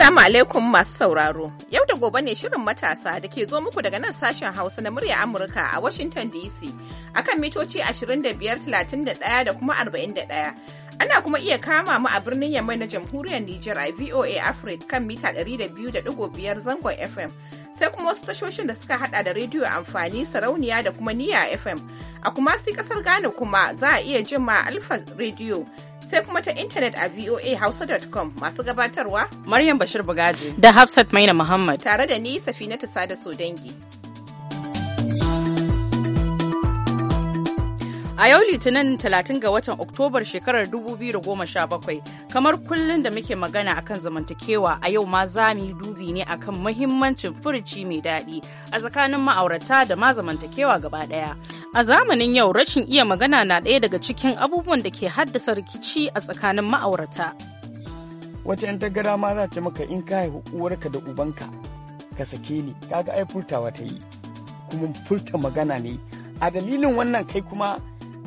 Assalamu alaikum masu sauraro. Yau da gobe ne shirin matasa da ke zo muku daga nan sashen Hausa na murya Amurka a Washington DC akan mitoci 25,31 da kuma 41. Ana kuma iya kama mu a birnin Yamai na Jamhuriyar Nijar a VOA Africa kan mita 200.5 zangon FM. Sai kuma wasu tashoshin da suka hada da rediyo amfani sarauniya da kuma niya FM. A kuma sai kasar Ghana kuma za a iya jima Alfa Radio sai kuma ta intanet a voahausa.com masu gabatarwa Maryam Bashir Bugaji da Hafsat Maina Muhammad tare da ni Safinatu Sada Sodangi. dangi. A yau Litinin 30 ga watan Oktobar shekarar 2017 kamar kullum da muke magana akan zamantakewa a yau ma za mu yi dubi ne akan mahimmancin furuci mai daɗi a tsakanin ma'aurata da ma zamantakewa gaba ɗaya. A zamanin yau rashin iya magana na ɗaya daga cikin abubuwan da ke haddasa rikici a tsakanin ma'aurata. Wata 'yan tagara ma za ta maka in ka haihu uwarka da ubanka ka sake ni kaga ai furtawa ta yi kuma furta magana ne a dalilin wannan kai kuma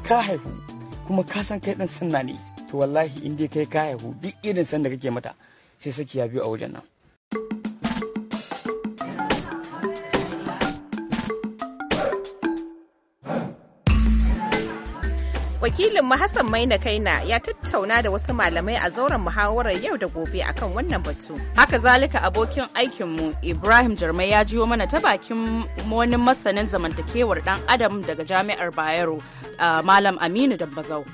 ka haihu kuma ka san kai dan sanna ne to wallahi in dai kai ka haihu duk irin san da kake mata sai saki ya biyu a wajen nan wakilin mu Hassan Maina Kaina ya tattauna da wasu malamai a zauren muhawarar yau da gobe akan wannan batu. Haka zalika abokin aikin mu Ibrahim Jarmai ya jiyo mana ta bakin wani masanin zamantakewar dan adam daga Jami'ar Bayero, Malam Aminu Dambazau.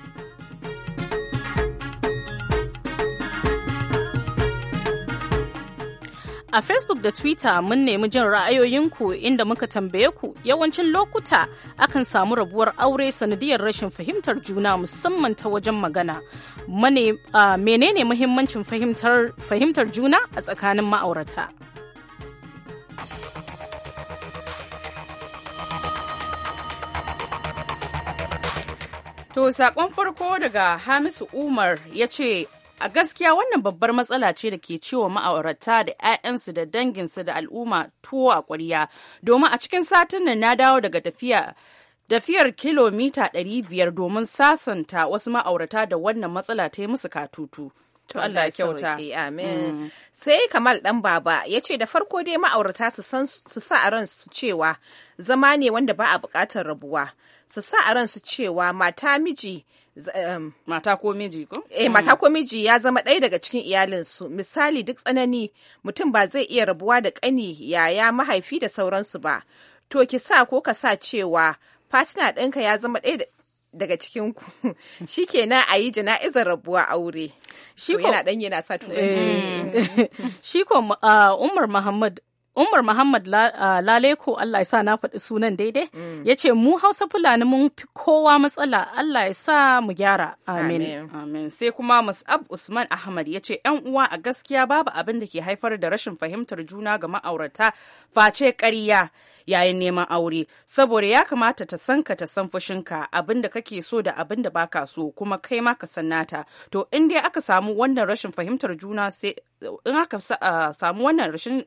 A Facebook da Twitter mun nemi jin ra'ayoyinku inda muka tambaye ku yawancin lokuta akan samu rabuwar aure sanadiyar rashin fahimtar juna musamman ta wajen magana. Mene, menene muhimmancin fahimtar, fahimtar juna a tsakanin ma'aurata? To, saƙon farko daga Hamisu Umar ya ce, A gaskiya wannan babbar matsala ce da ke ciwo ma'aurata da 'ya'yansu da danginsu da al'umma tuwo a ƙwarya. Domin a cikin satin nan na dawo daga tafiya tafiyar kilomita 500 domin sasanta wasu ma'aurata da wannan matsala ta yi musu katutu. To Allah ya kyauta. Amin. Mm. Sai Kamal ɗan baba ya ce da farko dai ma'aurata su sa a ran su cewa zama ne wanda ba a buƙatar rabuwa. Su sa a ran su cewa mata miji um, mata ko miji ko? Eh, mm. mata ko miji ya zama ɗaya daga cikin iyalinsu. Misali duk tsanani mutum ba zai iya rabuwa da ƙani yaya mahaifi da sauransu ba. To ki sa ko ka sa cewa fatina ɗinka ya zama ɗaya daga cikin ku shikenan a yi jana'izar rabuwa aure shi ko yana dan yana sa turanci eh. shi ko uh, Umar Muhammad Umar Muhammad uh, Laleko Allah ya sa na faɗi sunan daidai mm. ya ce mu Hausa Fulani mun fi kowa matsala Allah ya sa mu gyara amin. Amin. Sai kuma Mus'ab Usman Ahmad ya ce ‘yan uwa a gaskiya babu abin da ke haifar da rashin fahimtar juna ga ma'aurata face ƙarya yayin neman aure saboda ya kamata ta san ka ta san fushinka abin da kake so da abin da baka so kuma kai ma ka san nata to in dai aka samu wannan rashin fahimtar juna sai in aka uh, samu wannan rashin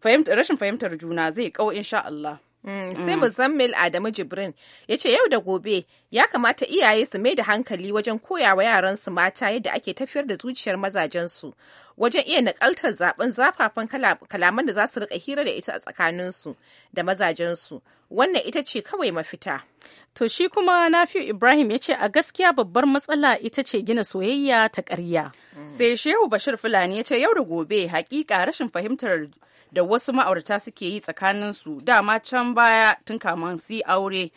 rashin fahimtar juna zai kau insha Allah. Mm, mm. sai muzammil adamu jibrin ya ce yau da gobe ya kamata iyaye su mai da hankali wajen koyawa yaransu mata yadda ake tafiyar da zuciyar mazajensu wajen iya nakaltar zaben zafafan kalaman da za su rika hira da ita a tsakaninsu da mazajensu wannan ita ce kawai mafita to shi kuma nafi'u ibrahim ya ce a gaskiya babbar matsala ita ce gina soyayya ta ƙarya mm. sai shehu bashir fulani ya ce yau da gobe hakika rashin fahimtar da wasu ma'aurata suke yi tsakanin tsakaninsu dama can baya tun kaman su aure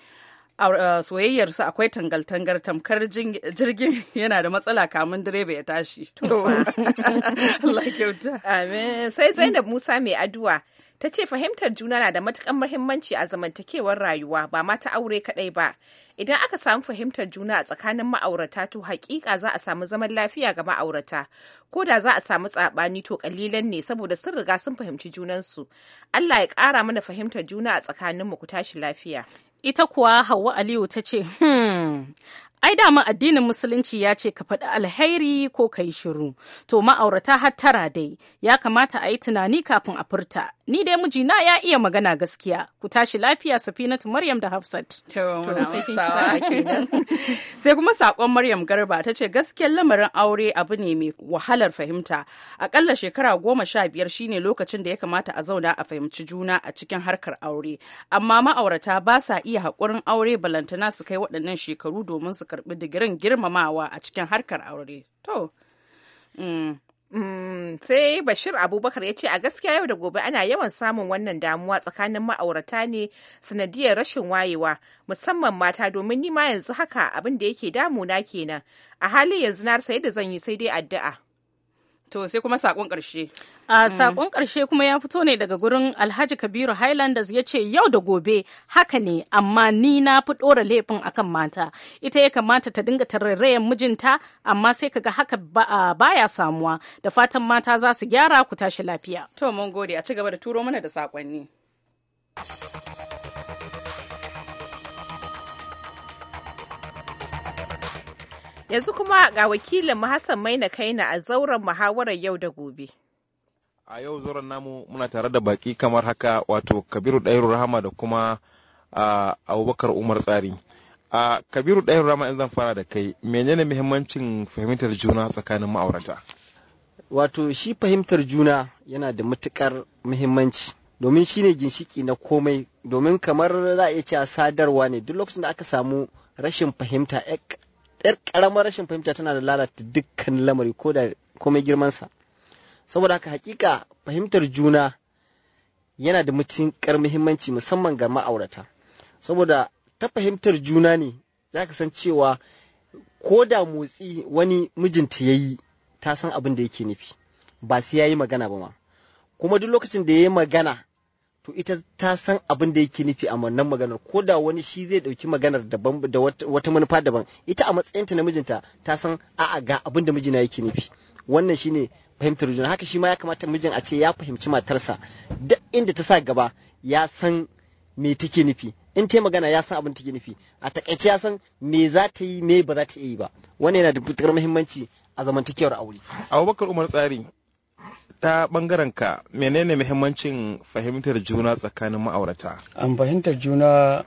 Uh, soyayyarsu akwai tangal-tangar tamkar jirgin yana da matsala kamun direba ya tashi. Allah kyauta. Amin. Sai Zainab Musa mai addu'a ta ce fahimtar juna na da matukan muhimmanci a zamantakewar rayuwa ba ma ta aure kaɗai ba. Idan aka samu fahimtar juna a tsakanin ma'aurata to hakika za a samu zaman lafiya ga ma'aurata. Ko da za a samu tsabani to kalilan ne saboda sun riga sun fahimci junansu. Allah ya ƙara mana fahimtar juna a tsakanin mu ku tashi lafiya. Ita kuwa Hauwa Aliyu ta ce, hmm, ai dama addinin musulunci ya ce ka faɗi alheri ko ka yi shiru to ma'aurata har tara dai ya kamata a yi tunani kafin a furta ni dai mijina ya iya magana gaskiya ku tashi lafiya safinatu maryam da hafsat sai kuma sakon maryam garba ta ce gaskiyar lamarin aure abu ne mai wahalar fahimta akalla shekara goma sha biyar shine lokacin da ya kamata a zauna a fahimci juna a cikin harkar aure amma ma'aurata ba sa iya haƙurin aure balantana su kai waɗannan shekaru domin su karbi digirin girmamawa a cikin harkar aure to mm, mm, sai bashir abubakar ya ce a gaskiya yau da gobe ana yawan samun wannan damuwa tsakanin ma'aurata ne sanadiyar rashin wayewa musamman mata domin nima yanzu haka abin da yake damuna kenan a halin yanzu na sai da zan yi sai dai addu'a To sai kuma sakon karshe. A sakon karshe kuma ya fito ne daga gurin Alhaji Kabiru Highlanders ya ce yau da gobe haka ne amma ni na fi ɗora laifin akan mata. Ita ya kamata ta dinga tararrayan mijinta amma sai kaga haka baya samuwa da fatan mata za su gyara ku tashi lafiya. To mun gode a ci gaba da turo mana da sakonni. Yanzu kuma ga wakilin mu Hassan Maina Kaina a zauren muhawarar yau da gobe. A yau zauren namu muna tare da baki kamar haka wato Kabiru Dairu Rahama da kuma Abubakar Umar Tsari. A Kabiru Dairu Rahama in zan fara da kai menene muhimmancin fahimtar juna tsakanin ma'aurata? Wato shi fahimtar juna yana da matukar muhimmanci. domin shi ne ginshiki na komai domin kamar za a iya cewa sadarwa ne duk lokacin da aka samu rashin fahimta yar karamar rashin fahimta tana da lalata dukkan lamari ko da komai girmansa saboda haka hakika fahimtar juna yana da matuƙar muhimmanci musamman ga ma'aurata saboda ta fahimtar juna ne zaka san cewa ko da motsi wani mijinta ya yi ta san abin da yake nufi ba sai ya yi magana ba ma kuma duk lokacin da ya yi magana to ita ta san abin da yake nufi a wannan maganar ko da wani shi zai dauki maganar daban da wata manufa daban ita a matsayinta na mijinta ta san a'a ga abin da mijina yake nufi wannan shine fahimtar juna haka shi ma ya kamata mijin a ce ya fahimci matarsa duk inda ta sa gaba ya san me take nufi in ta yi magana ya san abin take nufi a takaice ya san me za ta yi me ba za ta yi ba wannan yana da matuƙar muhimmanci a zamantakewar aure abubakar umar tsari ta bangaren ka menene muhimmancin fahimtar juna tsakanin ma'aurata an fahimtar juna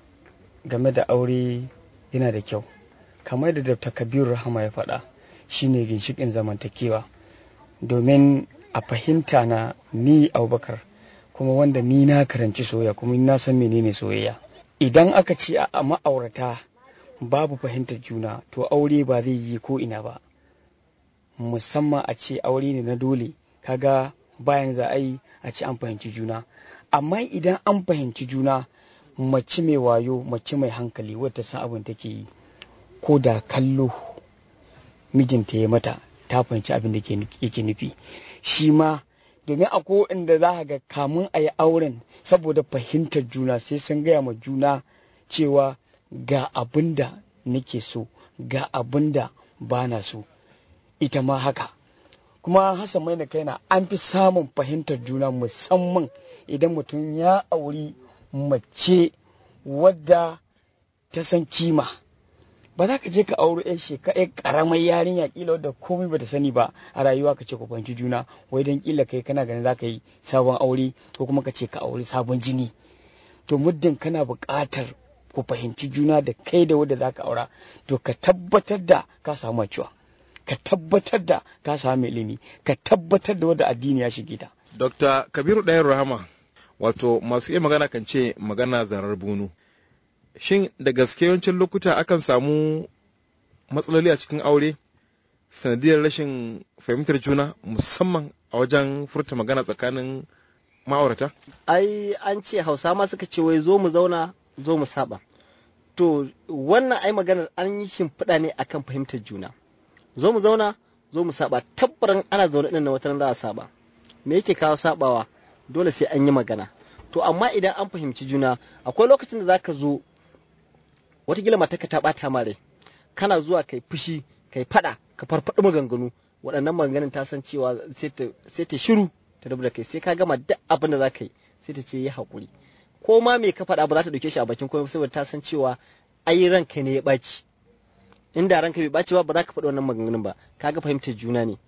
game da aure yana da kyau kamar da dr kabiru rahama ya faɗa shine ginshikin zamantakewa domin a fahimta na ni abubakar kuma wanda ni na karanci soyayya kuma na san menene soyayya idan aka ce a ma'aurata babu fahimtar juna to aure ba zai yi ko ina ba musamman a ce aure ne na dole kaga bayan za a yi a ci an fahimci juna amma idan an fahimci juna mace mai wayo mace mai hankali wadda san abin take yi ko da kallo mijinta ya mata ta fahimci abin da yake nufi shi ma domin a inda za ga kamun a yi auren saboda fahimtar juna sai sun gaya ma juna cewa ga abin da nake so ga abin da ba na so ita ma haka kuma hassan mai da kaina an fi samun fahimtar juna musamman idan mutum ya auri mace wadda ta san kima ba za ka je ka auri yan shekara karamar yarinya kila wadda komai ta sani ba a rayuwa ka ce ku fahimci juna wai don kila kai kana ganin za ka yi sabon aure ko kuma ka ce ka auri sabon jini to muddin kana buƙatar ku fahimci juna da kai da wadda za ka aura to ka tabbatar da ka samu cewa ka tabbatar da ka sami ilimi ka tabbatar da wadda addini ya shige ta dr kabiru ɗayan rahama wato masu iya magana kan ce magana zarar bunu shin da gaske yawancin lokuta akan samu matsaloli a cikin aure sanadiyar rashin fahimtar juna musamman a wajen furta magana tsakanin ma'aurata? Ai an ce hausa ma suka ce wai zo mu zauna zo mu saba. To wannan ai maganar an yi shimfiɗa ne akan fahimtar juna. zo mu zauna zo mu saba tabbaran ana zaune ɗin na wata za a saba me yake kawo sabawa dole sai an yi magana to amma idan an fahimci juna akwai lokacin da za ka zo watakila matarka ta bata ma kana zuwa kai fushi kai fada ka farfaɗi maganganu waɗannan maganganun ta san cewa sai ta shiru ta rubuta kai sai ka gama duk abin da za ka yi sai ta ce yi haƙuri ko ma me ka faɗa ba za ta ɗauke shi a bakin komai saboda ta san cewa ai ranka ne ya ɓaci in da ranka bai baci ba ba za ka faɗi wannan maganganun ba kaga fahimtar juna ne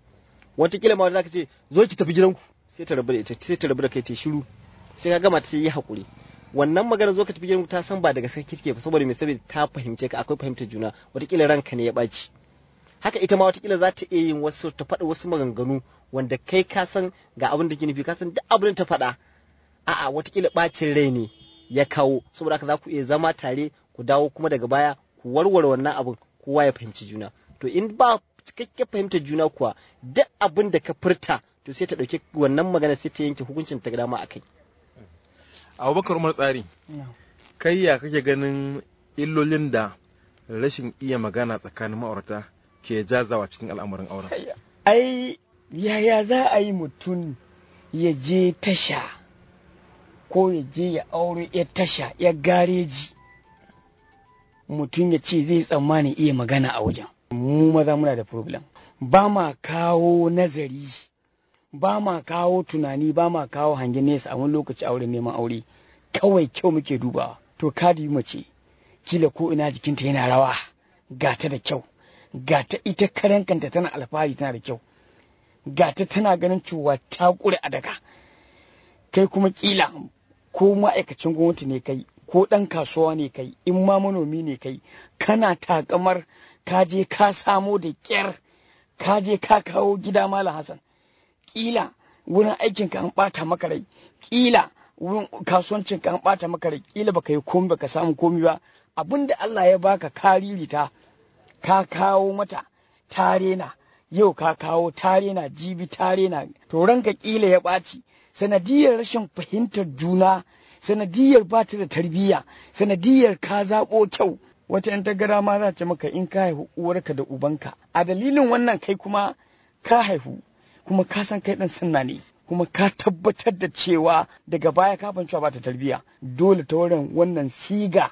Wataƙila ma za ka ce zo ki tafi gidanku sai ta rabu da ita sai ta rabu da kai ta shiru sai ka gama ta yi hakuri wannan magana zo ka tafi gidanku ta san ba daga sai kike ba saboda me saboda ta fahimce ka akwai fahimtar juna wataƙila ranka ne ya baci haka ita ma wataƙila za ta iya yin wasu ta faɗi wasu maganganu wanda kai ka san ga abin da ke nufi ka san duk abin da ta faɗa a'a wataƙila bacin rai ne ya kawo saboda haka za ku iya zama tare ku dawo kuma daga baya ku warware wannan abin kowa ya fahimci juna to in ba cikakken fahimta juna kuwa duk abin da ka furta to sai ta ɗauki wannan magana sai ta yanke hukuncin ta dama a kai abubakar umar tsari kai ya kake ganin illolin da rashin iya magana tsakanin ma'aurata ke jazawa cikin al'amarin aure. ai yaya za a yi mutum ya je tasha ko ya je ya aure ya tasha ya gareji mutum ya ce zai tsammanin iya magana a wajen mu maza muna da problem ba ma kawo nazari ba ma kawo tunani ba ma kawo hangen nesa a wani lokaci a wurin neman aure kawai kyau muke dubawa to ka yi mace kila ko ina jikinta yana rawa gata da kyau gata ita karen kanta tana alfahari tana da kyau gata tana ganin cewa ta kure a daga kai kuma kila ko ma'aikacin gwamnati ne kai ko ɗan kasuwa ne kai in ma manomi ne kai kana takamar ka je ka samo da ƙyar ka je ka kawo gida mala hassan ƙila wurin aikinka an ɓata maka rai ƙila wurin kasuwancinka an ɓata maka rai ƙila baka yi komi baka samu komi ba abin da Allah ya baka ka ririta ka kawo mata tarena yau ka kawo tarena jibi tarena to ranka ƙila ya ɓaci sanadiyar rashin fahimtar juna sanadiyar ba ta da tarbiyya sanadiyar ka zaɓo kyau wata yan tagara ma za ce maka in ka haihu uwarka da ubanka a dalilin wannan kai kuma ka haihu kuma ka san kai ɗan sanna ne kuma ka tabbatar da cewa daga baya ka fahimci ba ta tarbiyya dole ta wurin wannan siga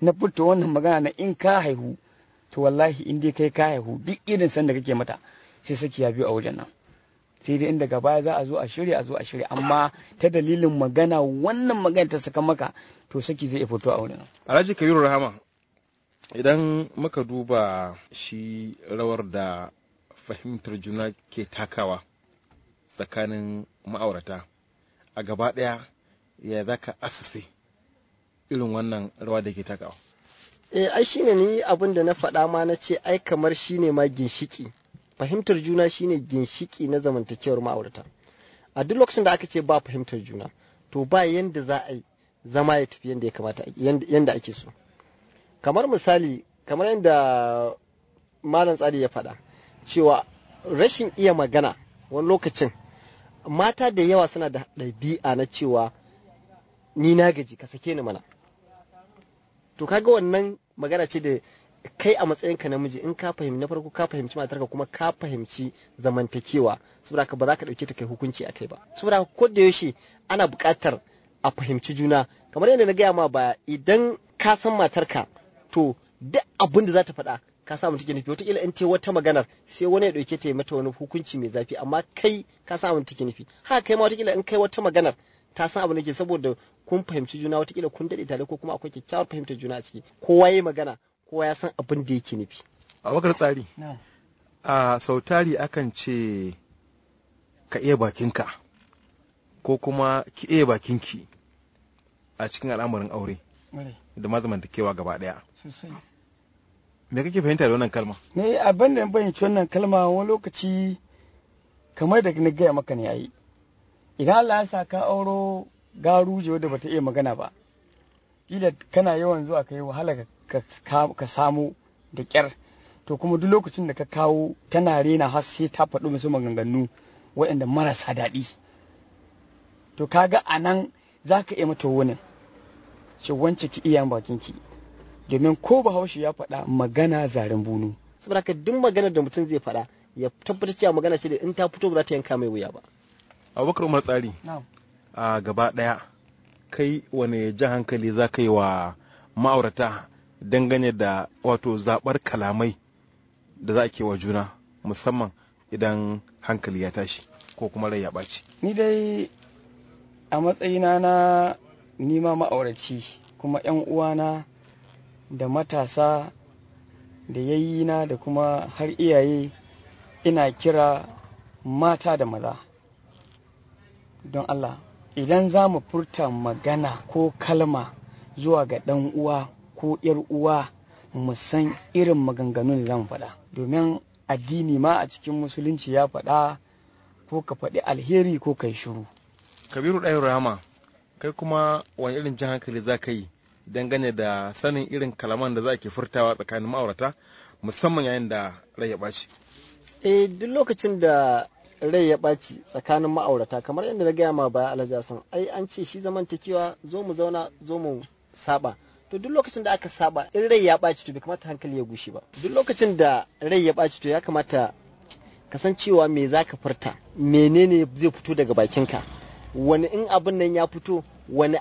na fito wannan magana na in ka haihu to wallahi in dai kai ka haihu duk irin san da kake mata sai saki ya biyu a wajen nan sai dai inda gaba za a zo a shirya a zo a shirya amma ta dalilin magana wannan magana ta saka maka to saki zai fito a wurin alhaji kabiru rahama idan muka duba shi rawar da fahimtar juna ke takawa tsakanin ma'aurata a gaba ɗaya ya za ka asase irin wannan rawa da ke takawa e ai shine ni abin da na faɗa ma na ce ai kamar shine ma ginshiki fahimtar juna shine ginshiki na zamantakewar ma'aurata a duk lokacin da aka ce ba fahimtar juna to ba yanda za a yi zama ya tafi yanda ya kamata yanda ake so kamar misali kamar yadda malam tsari ya faɗa cewa rashin iya magana wani lokacin mata da yawa suna da ɗabi'a na cewa ni na gaji ka sake ni mana to kaga wannan magana ce da kai a matsayinka namiji in ka fahimci na farko ka fahimci matarka kuma ka fahimci zamantakewa saboda ka ba za ka dauke ta kai hukunci a kai ba saboda ko da yaushe ana buƙatar a fahimci juna kamar yadda na gaya ma ba idan ka san matarka to duk abin da za ta faɗa ka samu take nufi wataƙila in ta wata maganar sai wani ya ɗauke ta yi mata wani hukunci mai zafi amma kai ka samu take nufi haka kai ma wataƙila in kai wata maganar ta san abu nake saboda kun fahimci juna watakila kun daɗe tare ko kuma akwai kyakkyawar fahimtar juna a ciki kowa ya magana kowa ya san abin da yake nufi a wakar tsari a sautari akan ce ka iya bakinka ko kuma ki iya bakinki a cikin al'amarin aure da da kewa gaba daya me kake fahimta da wannan kalma ne abin da fahimci wannan kalma wani lokaci kamar da na gaya maka ne yayi idan Allah ya sa ka auro garuje wanda bata iya magana ba kila kana yawan zuwa kai wahala ka samu da kyar to kuma duk lokacin da ka kawo tana rena har sai ta faɗo musu maganganu waɗanda marasa daɗi to kaga a nan za ka iya mata wani ce wance ki iya bakinki domin ko bahaushe ya faɗa magana zaren bunu saboda ka duk maganar da mutum zai faɗa ya tabbatar cewa magana ce da in ta fito ba za ta yanka mai wuya ba abubakar umar tsari a gaba ɗaya kai wane jan hankali za ka yi wa ma'aurata dangane da wato zaɓar kalamai da za a ke wa juna musamman idan hankali ya tashi ko kuma rai ya ɓaci. Ni dai a matsayina na nima ma'auraci kuma 'yan uwana da matasa da yayyina da kuma har iyaye ina kira mata da maza don Allah idan za mu furta magana ko kalma zuwa ga ɗan uwa ko yar uwa mu san irin maganganun zan faɗa domin addini ma a cikin musulunci ya faɗa ko ka faɗi alheri ko kai shiru kabiru ɗayan rama kai kuma wani irin jan hankali za ka yi dangane da sanin irin kalaman da za ke furtawa tsakanin ma'aurata musamman yayin da rai ya ɓaci eh duk lokacin da rai ya ɓaci tsakanin ma'aurata kamar yadda na gaya ma baya alhaji ai an ce shi zamantakewa zo mu zauna zo mu saba to duk lokacin da aka saba in rai ya ɓaci to bai kamata hankali ya gushe ba duk lokacin da rai ya ɓaci to ya kamata kasancewa me za ka furta menene zai fito daga bakinka wani in abin nan ya fito wani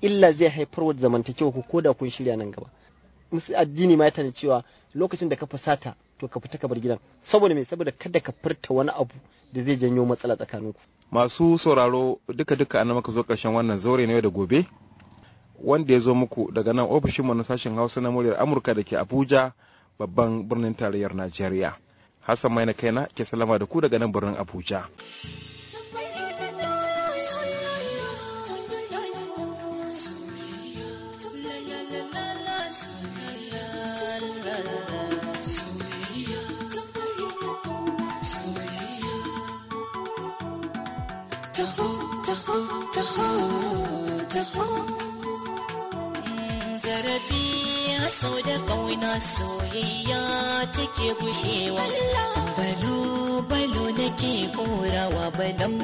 illa zai haifar wa zamantakewa ko da kun shirya nan gaba musu addini ma ya tani cewa lokacin da ka fasata to ka fita ka bar gidan saboda me saboda kada ka furta wani abu da zai janyo matsala tsakaninku masu sauraro duka duka an maka zo karshen wannan zaure ne da gobe wanda ya zo muku daga nan ofishinmu na sashen hausa na muryar amurka da ke abuja babban birnin tarayyar najeriya hassan mai na kaina ke salama da ku daga nan birnin abuja so da ƙauna soyayya take bushewa balo balo nake korawa balon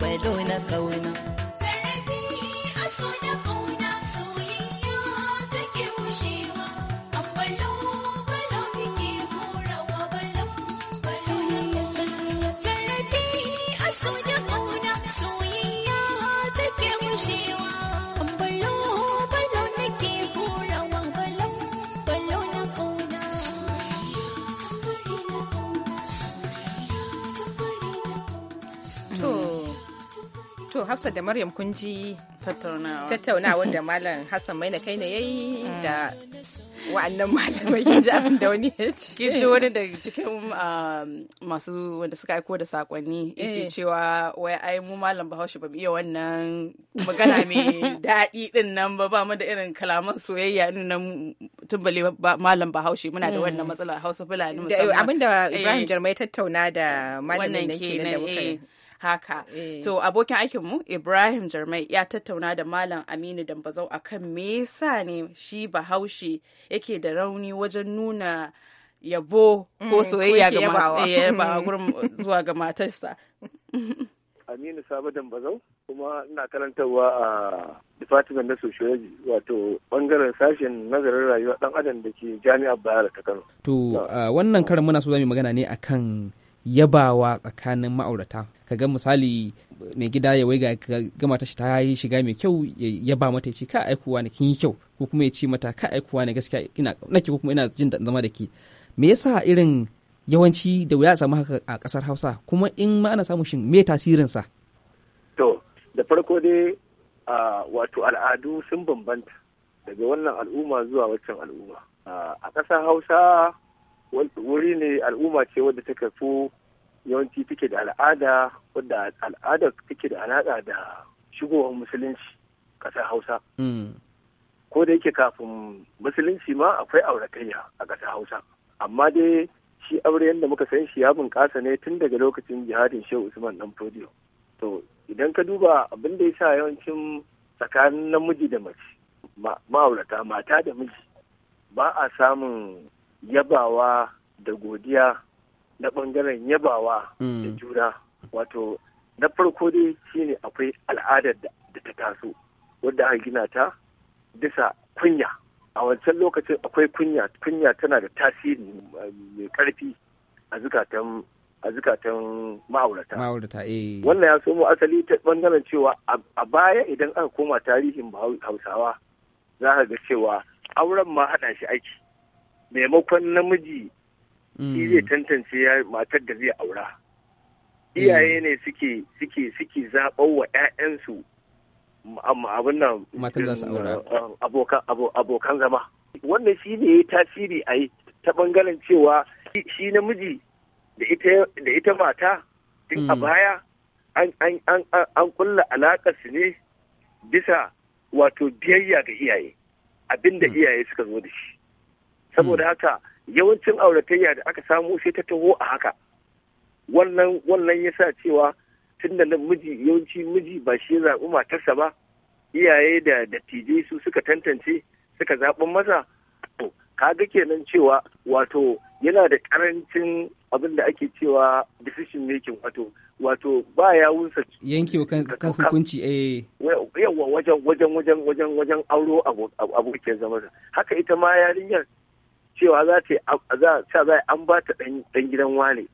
balo na ƙauna sarari a so da ƙauna soyayya take bushewa So hafsa da Maryam kun ji tattaunawa wanda Malam Hassan Maina kai na yayi da wa'annan malamai kin ji abin da wani ya ci Kin ji wani daga cikin um, masu wanda suka aiko da sakonni yake eh. cewa wai ai mu malam Bahaushe ba iya wannan magana mai daɗi din nan ba ba mu da irin kalaman soyayya din nan bale malam Bahaushe muna da wannan mm. matsala Hausa Fulani musamman. Abin da Ibrahim eh. Jarmai tattauna da malamin nan kenan da muka eh. haka eh. to abokin aikinmu Ibrahim Jarmai ya tattauna da Malam Aminu Dambazau akan me yasa ne shi Bahaushe yake da rauni wajen nuna yabo ko mm, soyayya ga eh, zuwa ga matarsa Aminu Sabo Dambazau kuma ina karantarwa a Department na Sociology wato bangaren sashen nazarin rayuwa dan adam da ke Jami'ar Bayero ta Kano. To wannan karan muna so zamu magana ne akan yabawa tsakanin ma'aurata ka kaga misali mai gida ya wai ga gama ta ta yi shiga mai kyau ya ba mata ce ka aikuwa ne kin kyau ko kuma ya ce mata ka aikuwa ne gaskiya ina kaunaki ko kuma ina jin da zama da ke me yasa irin yawanci da wuya a samu haka a kasar Hausa kuma in ma ana samu shin me tasirin sa to da farko dai wato al'adu sun bambanta daga wannan al'umma zuwa waccan al'umma a kasar Hausa wuri ne al'umma ce wadda ta kafu yawanci take da al'ada wadda al'ada take da alaƙa da shigowar musulunci ƙasar hausa hmm. ko da yake kafin musulunci ma akwai auratayya a ƙasar hausa amma dai shi aure yadda muka san shi ya bunƙasa ne tun daga lokacin jihadin shehu usman dan fodiyo to idan ka duba abin da ya sa yawancin tsakanin namiji da mace ma'aurata mata da miji ba a samun yabawa da godiya na bangaren yabawa hmm. da juna wato na farko dai shine akwai al'adar da ta taso wadda aka gina ta bisa kunya a wancan lokacin akwai kunya kunya tana da tasiri mai karfi a zukatan a zukatan ma'aurata. Ma'aurata eh. Wannan ya somo asali ta bangaren cewa a baya idan aka koma tarihin Hausawa za ka ga cewa auren ma haɗa shi aiki. maimakon namiji mm. shi zai tantance ya matar da zai aura iyaye mm. ne suke suke suke zaɓar wa 'ya'yansu abin nan mm, uh, abokan zama wannan shi ne ya tasiri a yi ta ɓangaren cewa shi namiji da ita mata tun a baya an kulla alaƙar su ne bisa wato biyayya ga iyaye abinda iyaye suka zo da shi saboda hmm. haka yawancin auratayya da aka samu sai ta taho a haka wannan wannan yasa cewa tun da nan miji yawanci miji ba shi ya zaɓi matarsa ba iyaye da dattijai su suka tantance suka zaɓi masa to kaga kenan cewa wato yana da karancin abin da ake cewa decision making wato wato ba ya wunsa yanke kan hukunci eh yawa wajen wajen wajen wajen wajen auro abokin zama haka ita ma yarinyar cewa za ta za an ba ta dan gidan wane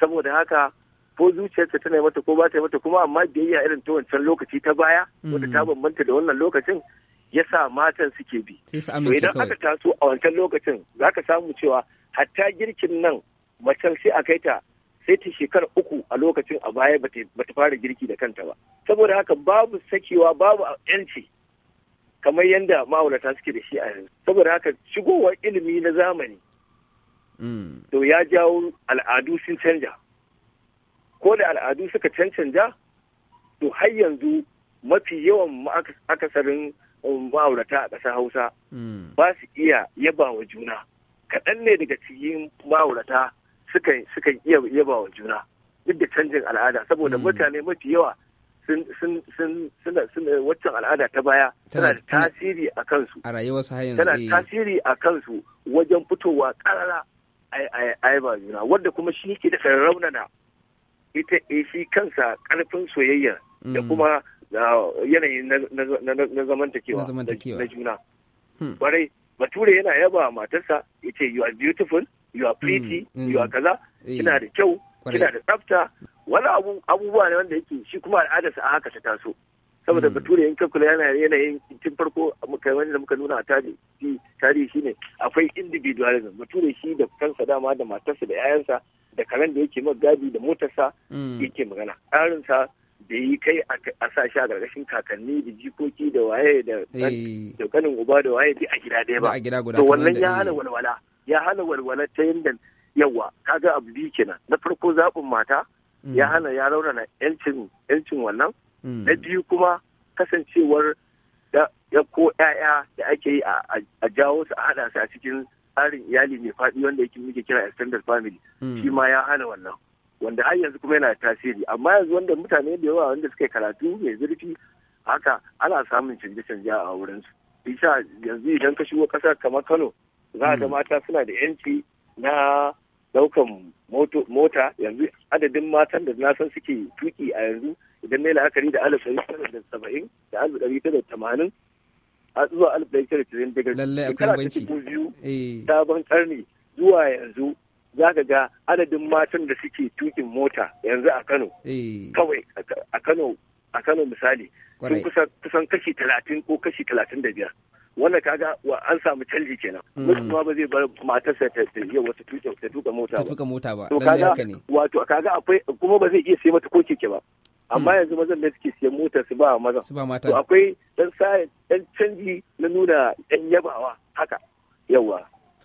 saboda haka ko zuciyarta tana mata ko ba ta mata kuma amma biyayya irin ta wancan lokaci ta baya hmm. wanda ta bambanta da wannan lokacin ya sa matan suke bi to idan aka taso a wancan lokacin za ka samu cewa hatta girkin nan macen sai a kai ta sai ta shekara uku a lokacin a baya bata fara girki da kanta ba saboda haka babu sakewa babu yanci kamar yadda ma'aurata suke da shi a yanzu saboda haka shigowar ilimi na zamani mm. to ya jawo al'adu sun canja ko da al'adu suka cancanja to har yanzu mafi yawan akasarin um, ma'aurata a ƙasar hausa mm. ba su iya yaba wa juna kaɗan ne daga cikin ma'aurata sukan iya yaba wa juna duk da canjin al'ada saboda mm. mutane mafi yawa waccan al'ada ta baya tana da tasiri a kansu a rayuwar su yanzu tana eh. tasiri a kansu wajen fitowa karara a yi ba juna wanda kuma shi ke da raunana ita eh, shi kansa karfin soyayya da mm. kuma ah, yanayi na zamantakewa na juna hmm. kwarai bature yana yaba matarsa yace you are beautiful you are hmm. pretty hmm. you are kaza eh. kina da kyau kina da tsafta wani abubuwa ne wanda yake shi kuma al'adarsa a haka ta taso saboda hmm. bature in kakula yana yanayin tun farko muka wani da muka nuna a tarihi tarihi shine akwai individualism bature shi da kansa dama da matarsa da 'ya'yansa da karen da yake gadi da motarsa hmm. yake magana tsarinsa da yi kai a sa sha gargashin kakanni da jikoki da waye da eh. dokanin uba da waye a gida ɗaya ba to wannan ya hana walwala ya hana walwala ta yadda yawa kaga abu biyu kenan na farko zaɓin mata ya mm. hana ya raunana yancin wannan mm. na biyu kuma kasancewar ya ko 'ya'ya da ake yi a jawo su a hada su a cikin tsarin iyali mai faɗi wanda yake muke kira extended family mm. shi ma ya hana wannan wanda har yanzu kuma yana tasiri amma yanzu wanda mutane da yawa wanda suka karatu mai zurfi haka ana samun canje-canje a wurin su bisa yanzu idan ka shigo kasar kamar kano za a ga mata suna da yanci na daukan mota yanzu adadin matan da na san suke tuki a yanzu idan na la'akari da alif ɗari tara da saba'in da alif ɗari tara da tamanin a zuwa alif ɗari tara da tirin daga shekara ta cikin biyu eh. sabon karni zuwa yanzu za ka ga adadin matan da suke tukin mota yanzu a kano eh. kawai a kano a kano misali sun kusan kashi talatin ko kashi talatin da biyar wannan kaga wa an samu canji kenan hmm. mutum ma ba zai bar matarsa ta yi wata tuka ta tuka mota ba tuka mota ba to kaga wato kaga akwai kuma ba zai iya sai mata ko keke ba amma hmm. yanzu mazan da suke siyan mota su ba mazan su ba mata to akwai dan sai dan canji na nuna yan yabawa haka yawa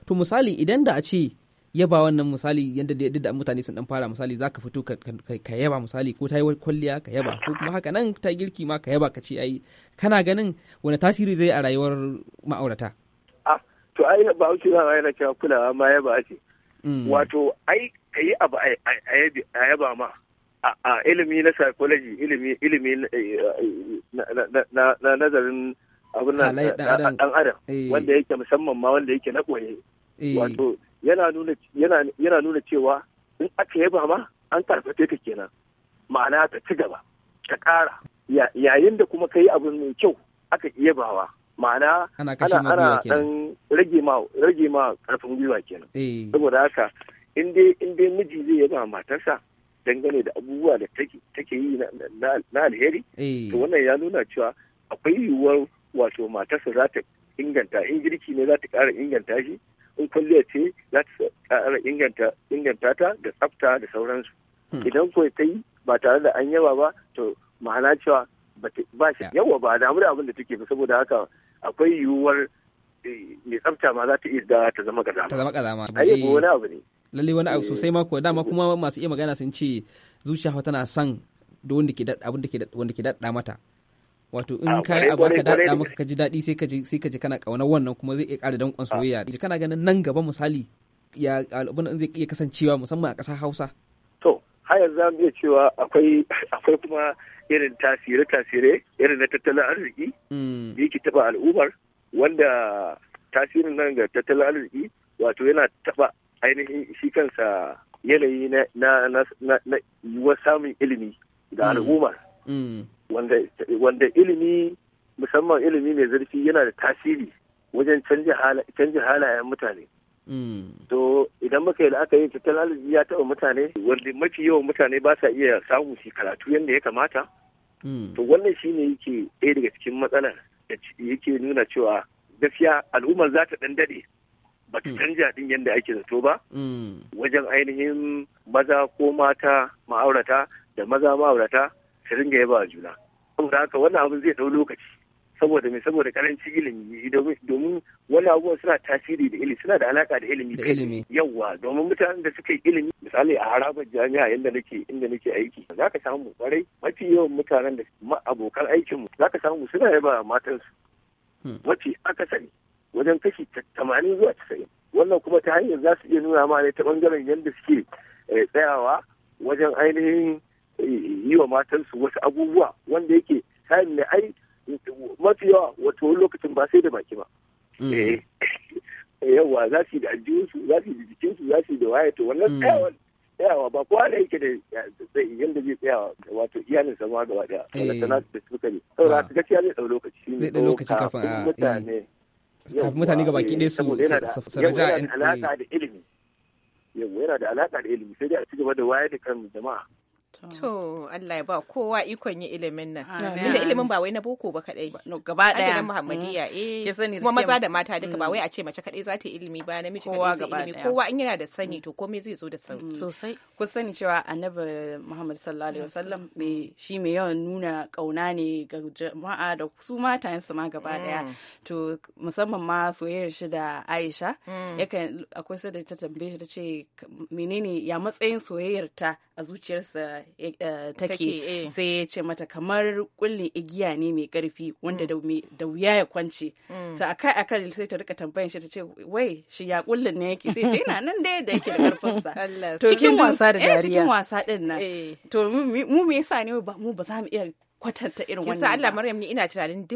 to misali idan da a ce yaba wannan misali yadda da yadda mutane sun dan fara misali zaka fito ka yaba misali ko ta yi kwalliya ka yaba ko kuma haka nan ta girki ma ka yaba ka ce ai kana ganin wani tasiri zai a rayuwar ma'aurata ah to ai ba wuce ba ai na cewa kulawa ma yaba ce mm. wato ai ka yi abu a yaba ma a ilimi na psychology ilimi ilimi eh, na nazarin abin nan dan adam eh. wanda yake musamman ma wanda yake na koyi eh. wato yana nuna cewa in aka yaba ma an karfafe ka kenan ma'ana ta ci gaba ka ƙara yayin da kuma ka yi abin mai kyau aka yabawa ma'ana ana dan rage ma rage ma karfin gwiwa kenan eh. saboda haka in dai in dai miji zai yaba matarsa dangane da abubuwa da take yi na alheri eh. to wannan ya nuna cewa akwai yiwuwar wato matarsa za ta inganta in girki ne za ta ƙara inganta shi in kwalliya ce za ta ƙara inganta ta da tsafta da sauransu hmm. idan ko ta yi ba tare da an yawa ba to ma'ana cewa ba shi yawa ba damu da abin da take ba saboda haka akwai yiwuwar eh, mai tsafta ma za ta iya ta zama kazama ta zama kazama ai wani abu ne lalle wani abu eh, sosai mako dama eh. kuma masu iya magana sun ce zuciya tana son da wanda ke wanda ke mata wato in ka yi abu aka daɗa maka ka ji daɗi sai ka kana ƙaunar wannan kuma zai iya ƙara danƙon soyayya ji kana ganin nan gaba misali ya al'ubun zai iya kasancewa musamman a ƙasar Hausa to har yanzu za iya cewa akwai akwai kuma irin tasire tasire irin na tattalin arziki hmm. da yake taɓa al'ummar wanda tasirin nan ga tattalin arziki wato yana taɓa ainihin shi kansa yanayi na na samun ilimi ga hmm. al'ummar hmm. wanda ilimi musamman ilimi mai zurfi yana da tasiri wajen canja halayen mutane mm. to idan muka yi la'akari tattalin arziki ya taɓa mutane wanda mafi yawan mutane ba sa iya samun shi karatu yadda ya kamata mm. to wannan shi ne yake ɗaya daga cikin matsalar da yake nuna cewa gaskiya al'ummar za ta ɗan daɗe ba ta mm. canja din yadda ake zato ba wajen ainihin maza ko mata ma'aurata da maza ma'aurata su ringa yaba juna saboda haka wannan abin zai dau lokaci saboda mai saboda karanci ilimi domin wani abubuwan suna tasiri da ilimi suna da alaka da ilimi da ilimi yawa domin mutanen da suka yi ilimi misali a harabar jami'a yadda nake inda nake aiki za ka samu kwarai mafi yawan mutanen da abokan aikinmu za ka samu suna yaba matansu hmm. mafi akasari wajen kashi tamanin zuwa casa'in wannan kuma ta hanyar za su iya nuna ma ne ta bangaren yadda suke eh, tsayawa wajen ainihin yi wa matansu wasu abubuwa wanda yake kayan ne ai mafi yawa wato lokacin ba sai da baki ba mm. eh, Yawwa za su yi da aljihunsu za su yi da jikinsu za su yi da waye to wannan mm. tsayawa ba kowa da yake da yadda zai tsayawa wato iyalin sama eh. da suka ne ta ah. gaskiya zai lokaci eh. su yana da da ilimi da a ci da wayar da kan jama'a to Allah ya ba kowa ikon yi ilimin nan inda ilimin ba wai na boko ba kadai gaba daya na Muhammadiyya mm. eh kuma maza da mata duka ba wai mm. a ce mace kadai za ta yi ilimi ba namiji kadai zai ilimi kowa in yana da sani mm. to komai zai zo da sauki sosai ku sani cewa annabi Muhammad sallallahu alaihi wasallam me shi me yawan nuna kauna ne ga jama'a da su su ma gaba daya to musamman ma soyayyar shi da Aisha yakan akwai sai da ta tambaye shi ta ce menene ya matsayin soyayyar ta a zuciyarsa Eh, eh, take eh. sai ya ce mata kamar kullin igiya ne mai karfi wanda mm. da wuya ya kwance ta mm. akai akai sai ta rika tambayan shi ta ce wai shi ya kullin ne yake sai ce ina nan dai da yake da karfin sa cikin wasa da dariya cikin wasa din nan to mu me yasa ne mu ba za mu iya kwatanta irin wannan. Kisa Allah Maryam ni ina tunanin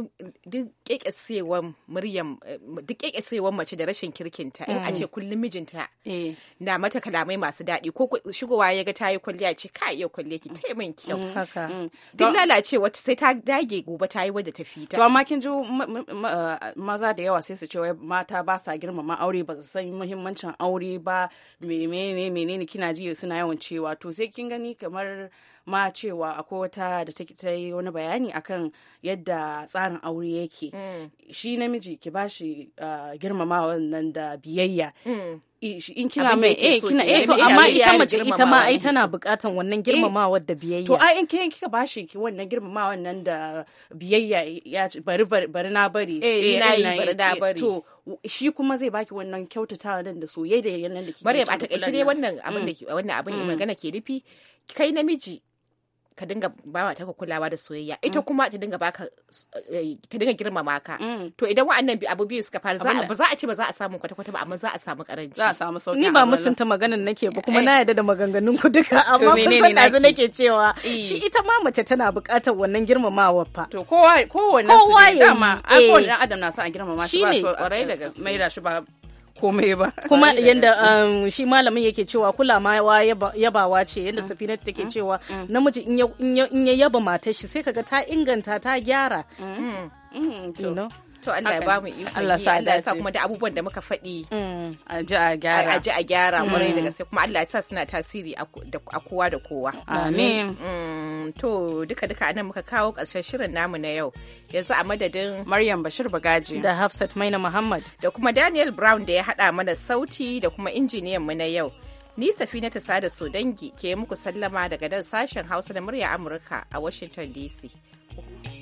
duk kekesewar Maryam eh, mace da rashin kirkinta in hmm. a ce kullum mijinta eh. na mata kalamai masu daɗi ko shigowa ya ga ta yi kwalliya ce ka iya kwalliya ki ta min kyau. Mm, mm. Mm. Duk Duk lalacewa sai ta dage gobe ta yi wadda ta fita. To amma kin ji eh, maza da yawa sai su ce mata ba sa girmama aure ba su san muhimmancin aure ba menene menene kina ji suna yawan cewa to sai kin gani kamar ma cewa akwai wata da ta yi wani bayani akan yadda tsarin aure yake mm. shi namiji ki bashi ah, girmamawa wannan da biyayya mm. in kina mai eh kina eh to amma ita mace ita ma ai tana bukatan wannan eh. girmamawar da biyayya to ai in kin kika bashi ki wannan girmamawar nan da biyayya ya bari bari na bari eh, eh na yi bari da eh, bari to shi kuma zai baki wannan kyautatawa nan da soyayya da yanayin da kike bari ta takaice dai wannan abin da mm. wannan abin magana ke rufi kai namiji ka dinga ba mata ka kulawa da soyayya mm. ita kuma ta dinga baka eh, ta dinga girmama ka mm. to idan wa'annan abu biyu suka fara za ba za a ce ba za a samu kwata kwata ba amma za a samu karanci za a samu sauki ni ba musunta maganan nake ba kuma eh. na yarda da maganganun ku duka amma kusan yanzu nake cewa eh. shi ita ma mace tana buƙatar wannan girmamawa fa to kowa kowa ne dama ai kowanne adam na sa a girmama shi ba so mai da gaske mai da shi ba komai ba kuma yadda um, shi malamin yake cewa kula ma yabawa ce yadda mm. safinat take mm. cewa mm. namiji in ya yaba matar shi sai kaga ta inganta ta gyara to Allah ya ba mu iko Allah sa Allah sa kuma da abubuwan da muka faɗi mm. a ji a gyara a ji a gyara daga mm. sai kuma Allah ya sa suna tasiri a kowa da kowa amin mm. to duka duka anan muka kawo ƙarshen shirin namu na yau yanzu a madadin Maryam Bashir Bagaji da Hafsat Maina Muhammad da kuma Daniel Brown da ya haɗa mana sauti da kuma injiniyan mu na yau Ni Safina ta sada dangi ke muku sallama daga nan sashen Hausa da murya Amurka a Washington DC.